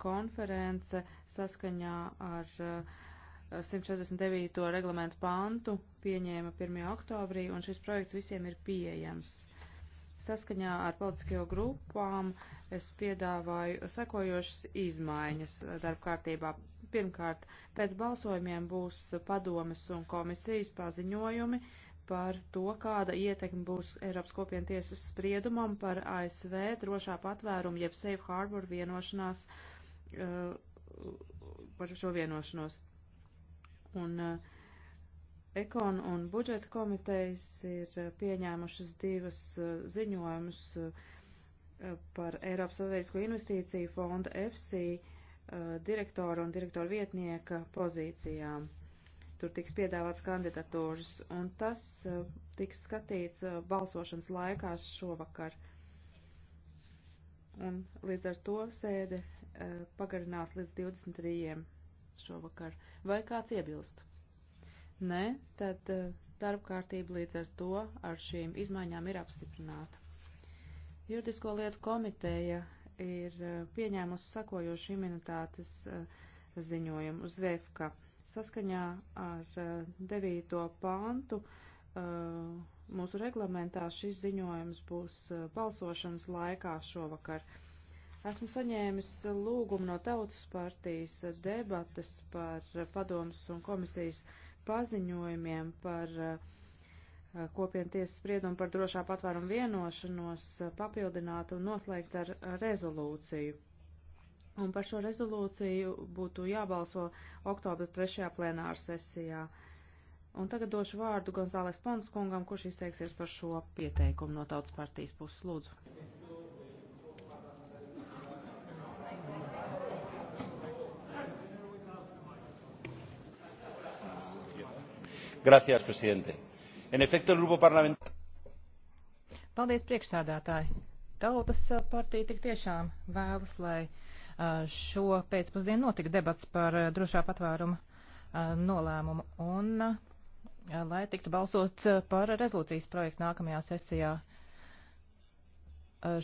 konference saskaņā ar 149. Eh, reglamentu pantu pieņēma 1. oktobrī, un šis projekts visiem ir pieejams. Saskaņā ar politiskajo grupām es piedāvāju sekojošas izmaiņas darbkārtībā. Pirmkārt, pēc balsojumiem būs padomes un komisijas paziņojumi par to, kāda ietekme būs Eiropas kopienu tiesas spriedumam par ASV drošā patvērumu jeb safe harbor vienošanās uh, Uh, par šo vienošanos. Un uh, Ekon un budžeta komitejas ir uh, pieņēmušas divas ziņojumus par Eiropas Strateģisko investīciju fonda EFSI direktora un direktora vietnieka pozīcijām. Tur tiks piedāvāts kandidatūras, un tas tiks skatīts balsošanas laikās šovakar un līdz ar to sēde uh, pagarinās līdz 23. šovakar. Vai kāds iebilst? Nē, tad uh, darbkārtība līdz ar to ar šīm izmaiņām ir apstiprināta. Juridisko lietu komiteja ir uh, pieņēmusi sakojošu imunitātes ziņojumu Zvefka saskaņā ar 9. pantu. Uh, mūsu reglamentā šis ziņojums būs eh, balsošanas laikā šovakar. Esmu saņēmis lūgumu no Tautas partijas debates par padomus un komisijas paziņojumiem par eh, kopienu tiesas spriedumu par drošā patvērumu vienošanos papildināt un noslēgt ar rezolūciju. Un par šo rezolūciju būtu jābalso oktobra 3. plenāra sesijā. Uh, Un tagad došu vārdu Gonzāles Pons kungam, kurš izteiksies par šo pieteikumu no Tautas partijas puses. Lūdzu. Gracias, presidente. En efecto, el grupo parlamentario. Paldies, priekšsādātāji. Tautas uh, partija tik tiešām vēlas, lai uh, šo pēcpusdienu notika debats par uh, drošā patvēruma nolēmumu. Un lai tiktu balsots eh, par rezolūcijas projektu nākamajā sesijā. Eh,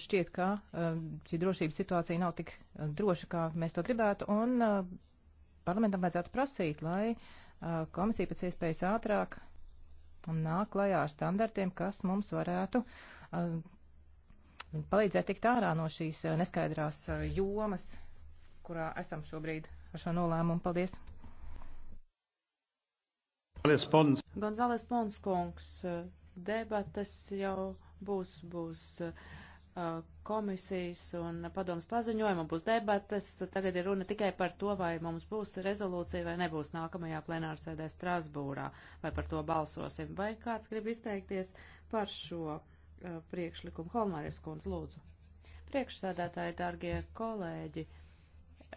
šķiet, ka eh, šī drošības situācija nav tik droša, kā mēs to gribētu, un parlamentam vajadzētu prasīt, lai komisija pēc iespējas ātrāk nāk klajā ar standartiem, kas mums varētu palīdzēt tikt ārā no šīs neskaidrās jomas, kurā esam šobrīd ar šo nolēmumu. Paldies! Gonzales Pons. Gonzales Pons kungs, debatas jau būs, būs uh, komisijas un padomas paziņojuma, būs debatas. Tagad ir runa tikai par to, vai mums būs rezolūcija vai nebūs nākamajā plenārsēdē Strasbūrā, vai par to balsosim. Vai kāds grib izteikties par šo uh, priekšlikumu? Holmāris kundz, lūdzu. Priekšsēdētāji, dārgie kolēģi.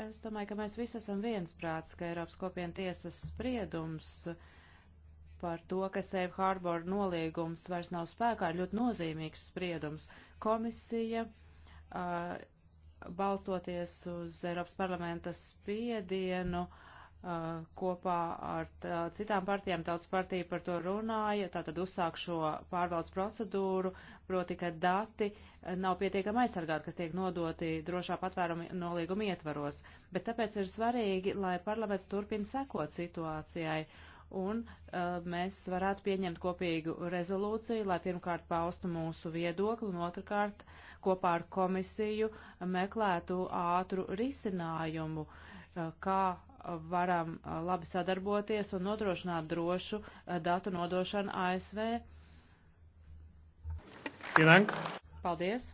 Es domāju, ka mēs visi esam viensprāts, ka Eiropas kopienu tiesas spriedums uh, par to, ka Safe Harbor noliegums vairs nav spēkā, ir ļoti nozīmīgs spriedums. Komisija, uh, balstoties uz Eiropas parlamenta spiedienu, uh, kopā ar tā, citām partijām, tautas partija par to runāja, tātad uzsāk šo pārvaldes procedūru, proti, ka dati nav pietiekami aizsargāti, kas tiek nodoti drošā patvēruma nolīguma ietvaros. Bet tāpēc ir svarīgi, lai parlaments turpina sekot situācijai. Uh, un uh, mēs varētu pieņemt kopīgu rezolūciju, lai pirmkārt paustu mūsu viedokli un otrkārt kopā ar komisiju meklētu ātru risinājumu, uh, kā varam uh, labi sadarboties un nodrošināt drošu uh, datu nodošanu ASV. Pienāk. Paldies.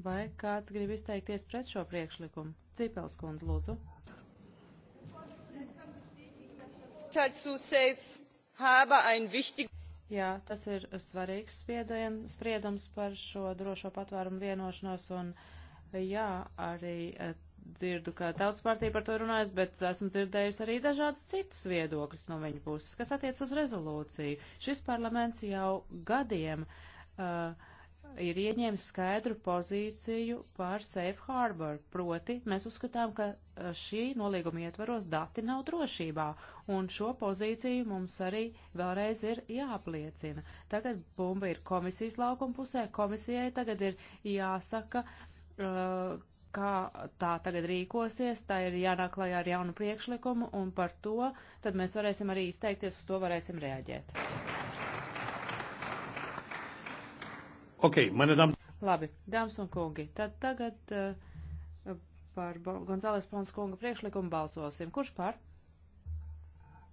Vai kāds grib izteikties pret šo priekšlikumu? Cipels kundze, lūdzu. Jā, tas ir svarīgs spiedien, spriedums par šo drošo patvērumu vienošanos, un jā, arī e, dzirdu, ka tautas partija par to runājas, bet esmu dzirdējusi arī dažādas citus viedokļus no viņa puses, kas attiec uz rezolūciju. Šis parlaments jau gadiem uh, ir ieņēmis skaidru pozīciju par Safe Harbor, proti mēs uzskatām, ka eh, šī nolīguma ietvaros dati nav drošībā, un šo pozīciju mums arī vēlreiz ir jāapliecina. Tagad bumba ir komisijas laukuma pusē, komisijai tagad ir jāsaka, eh, kā tā tagad rīkosies, tā ir jānaklajā ar jaunu priekšlikumu, un par to tad mēs varēsim arī izteikties, uz to varēsim reaģēt. Okay, dam... Labi, dāmas un kungi, tad tagad uh, par Gonzāles Pons kunga priekšlikumu balsosim. Kurš par?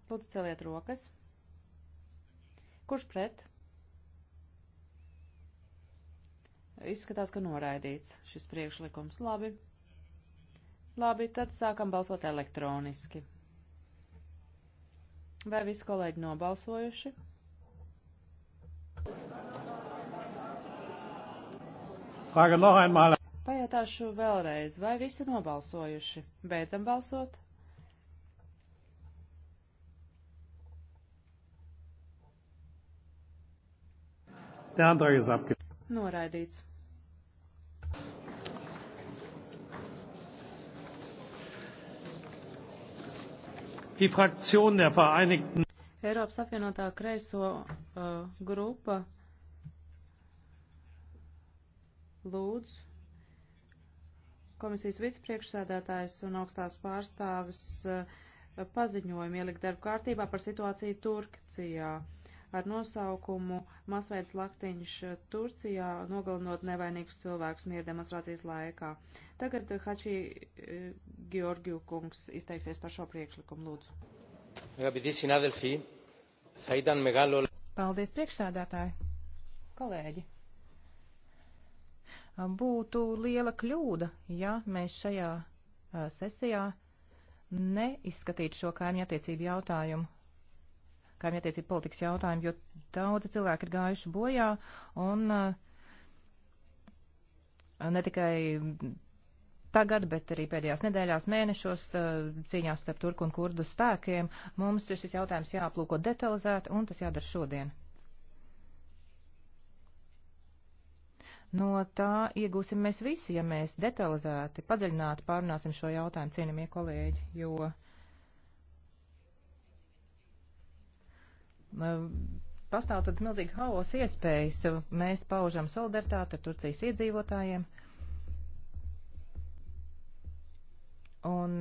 Lūdzu, celiet rokas. Kurš pret? Izskatās, ka noraidīts šis priekšlikums. Labi. Labi, tad sākam balsot elektroniski. Vai visi kolēģi nobalsojuši? Pajautāšu vēlreiz, vai visi nobalsojuši? Beidzam balsot. Der Antrag ist abgelehnt. Noraidīts. Die Fraktion der Vereinigten Eiropas apvienotā kreiso uh, grupa lūdzu komisijas vicepriekšsēdētājs un augstās pārstāvis eh, paziņojumu ielikt darba kārtībā par situāciju Turcijā ar nosaukumu Masveids Laktiņš eh, Turcijā nogalinot nevainīgus cilvēkus mieru demonstrācijas laikā. Tagad eh, Hači Georgiju kungs izteiksies par šo priekšlikumu lūdzu. Paldies priekšsēdētāji, kolēģi! Būtu liela kļūda, ja mēs šajā sesijā neizskatītu šo kaimiņattiecību jautājumu kaimiņattiecību politikas jautājumu, jo daudzi cilvēki ir gājuši bojā un ne tikai tagad, bet arī pēdējās nedēļās mēnešos cīņās starp turku un kurdu spēkiem. Mums šis jautājums jāplūko detalizēti un tas jādara šodien. No tā iegūsim mēs visi, ja mēs detalizēti, padziļināti pārunāsim šo jautājumu, cienījamie kolēģi, jo eh, pastāv tāds milzīgi haos iespējas. Mēs paužam solidaritāti ar Turcijas iedzīvotājiem. Un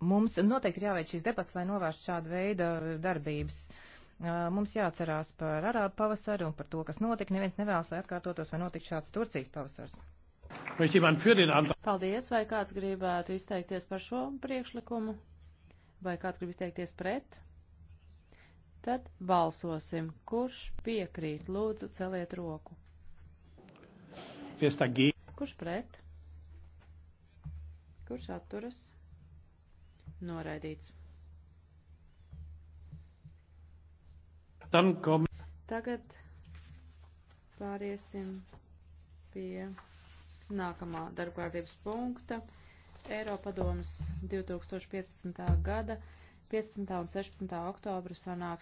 Mums noteikti ir jāveic šīs debats, lai novērstu šādu veidu darbības. Mums jāatcerās par arābu pavasaru un par to, kas notika. Neviens nevēlas, lai atkārtotos vai notiktu šāds Turcijas pavasars. Paldies, vai kāds gribētu izteikties par šo priekšlikumu, vai kāds grib izteikties pret? Tad balsosim, kurš piekrīt, lūdzu, celiet roku. Kurš pret? Kurš atturas? Noraidīts. Tagad pāriesim pie nākamā darbkārtības punkta. Eiropadomas 2015. gada 15. un 16. oktobra sanāks.